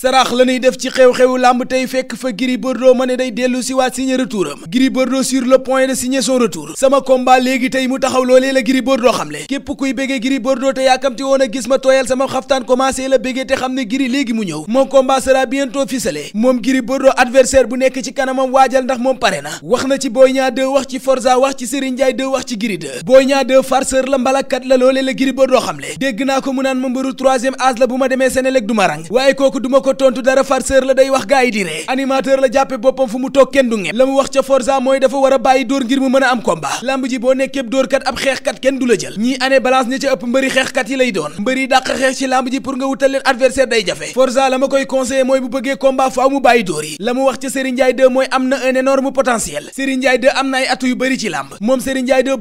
saraax la ñuy def ci xew-xewu làmb tey fekk fa Gris Bordeaux ma ne day dellu si waat signé retouram Gris Bordeaux sur le point de signer retour sama combat léegi tey mu taxaw loolee la Gris Bordeaux xamle képp kuy béggee Gris Bordeaux te yaakamti woon a gis ma tooyal sama xaftaan commencé la béggee te xam ne Gris léegi mu ñëw mon combat sera bientôt ficelé moom Gris Bordeaux adversaire bu nekk ci kanamam waajal ndax moom pare na wax na ci Boy Niang 2 wax ci Forza wax ci Serigne Ndiaye 2 wax la mbalakat la loolee la Gris Bordeaux xamle naa ko mu naan ma mbëru troisième âge la bu ma demee Sénélec du ko tontu dara farceur la day wax gaay di ree animateur la jàppe boppam fu mu toog kenn du ngem la mu wax ca Forza mooy dafa war a bàyyi dóor ngir mu mën a am combat lamb ji boo nekkee dóorkat ab xeexkat kenn du la jël ñii année balance ña ca ëpp mbëri xeexkat yi lay doon mbëri dàq xeex ci lamb ji pour nga wutal adversaire day jafe Forza la ma koy conseiller mooy bu bëggee combat faaw mu bàyyi dóor yi la mu wax ca Serigne Ndiaye 2 mooy am na un énorme potentiel Serigne Ndiaye 2 am na ay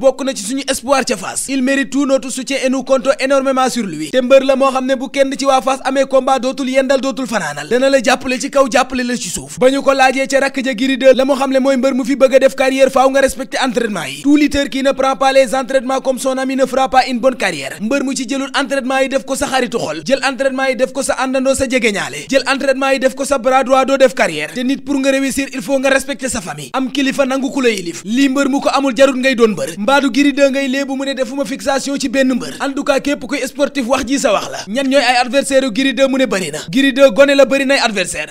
bokk na ci suñu espoir ca Fass il mérite tout moo xam ne bu kenn ci waa Fass amee combat dootul yendal dootul fanaanal dana la jàppale ci kaw jàppale la ci suuf ba ñu ko laajee ca rakk ja Gris la mu xam mooy mbër mu fi bëgg def carrière faaw nga respecté entraînement yi tout lutteur qui ne prend pas les comme son ami ne fera pas mbër mu ci jëlul entraînement yi def ko sa xaritu xol jël entraînement yi def ko sa àndandoo sa jegeñaale jël entraînement yi def ko sa bras droit doo def carrière te nit pour nga réussir il faut nga respecter gone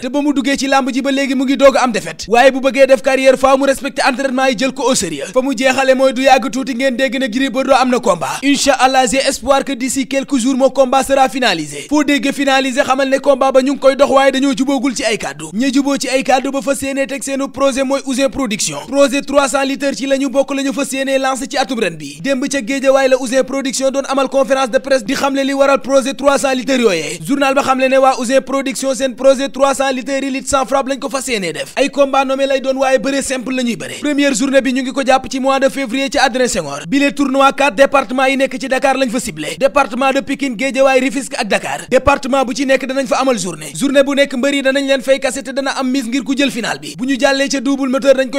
te ba mu duggee ci làmb ji ba léegi mu ngi doog am défaite waaye bu bëggee def carrière faaw mu respecté entraînement jël ko au sérieux fa mu jeexale mooy du yàgg tuuti ngeen dégg na Gris Bordeaux am na combat incha allah j'ai espoir que d'ici quelques jours mon combat sera finalisé foo dégg finalisé xamal ne combat ba ñu ngi koy dox waaye dañoo juboogul ci ay kàddu ña juboo ci ay kàddu ba fa séenee teg seenu projet mooy Ouzin production projet 300 production yi litre sans frappe lañ ko fas yéenee def ay combat lay doon waaye bëree simple la ñuy première journée bi ñu ngi ko jàpp ci mois de février ci Adrien Senghor bi les tournois 4 yi nekk ci Dakar lañ fa ciblé département de Pikine Guédiawaye Rufisque ak Dakar département bu ci nekk danañ fa amal journée journée bu nekk mbër yi danañ leen fay kase te dana am mise ngir ku jël final bi bu ñu jàllee ca double moteur dañ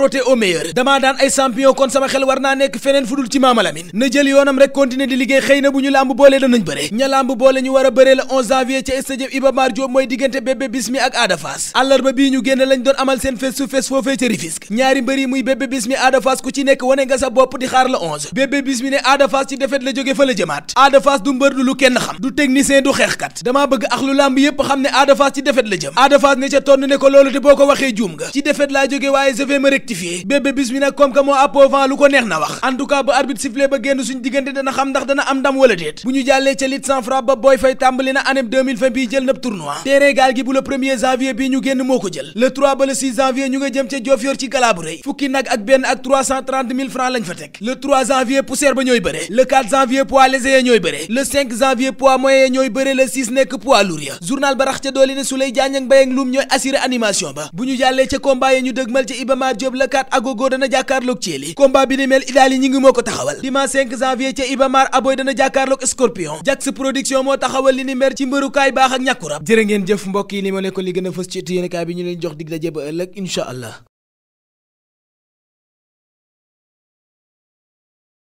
frotté au meilleur damaa daan ay champion kon sama xel war naa nekk feneen fu dul ci Mama na jël yoonam rek continuer di liggéey xëy na bu ñu làmb boolee danañ bëre ña làmb boole ñu war a bëree la 11 janvier ca stade Iba Mar Diop mooy diggante Bébé Bismi ak Ada àllarba bii ñu génn lañ doon amal seen face to face foofee ca Rufisque ñaari mbër muy Bébé Bismi Ada ku ci nekk wane nga sa bopp di xaar la 11 Bébé Bismi ne Ada ci défaite rectifié bébé comme que moo appovent lu ko neex na wax en bu arbitre sifflé ba génn suñ diggante dana xam ndax dana am ndam wala déet bu ñu jàllee ca lit sans frappe ba booy fay tàmbali na année bii jël nab tournoi terrain gaal gi bu le premier janvier bii ñu génn moo ko jël le 3 ba le 6 janvier ñu nga jëm ca Diofior ci gala rëy fukki nag ak benn ak 330 000 fa teg le janvier poussière ba ñooy bëre le 4 janvier poids ya ñooy bëre le 4 agogo dana jàkkaarloog Thielly combat bi ni mel Idaly ñi ngi moo ko taxawal dimanche 5 janvier ca Iba Mar dana jàkkaarloog Scorpion Jax production moo taxawal li ni mer ci mbërukaay baax ak ñàkkurab jërë ngeen jëf mbokk yi li ma li gën a fës ci yéenekaay bi ñu leen jox dig daje ba ëllëg incha allah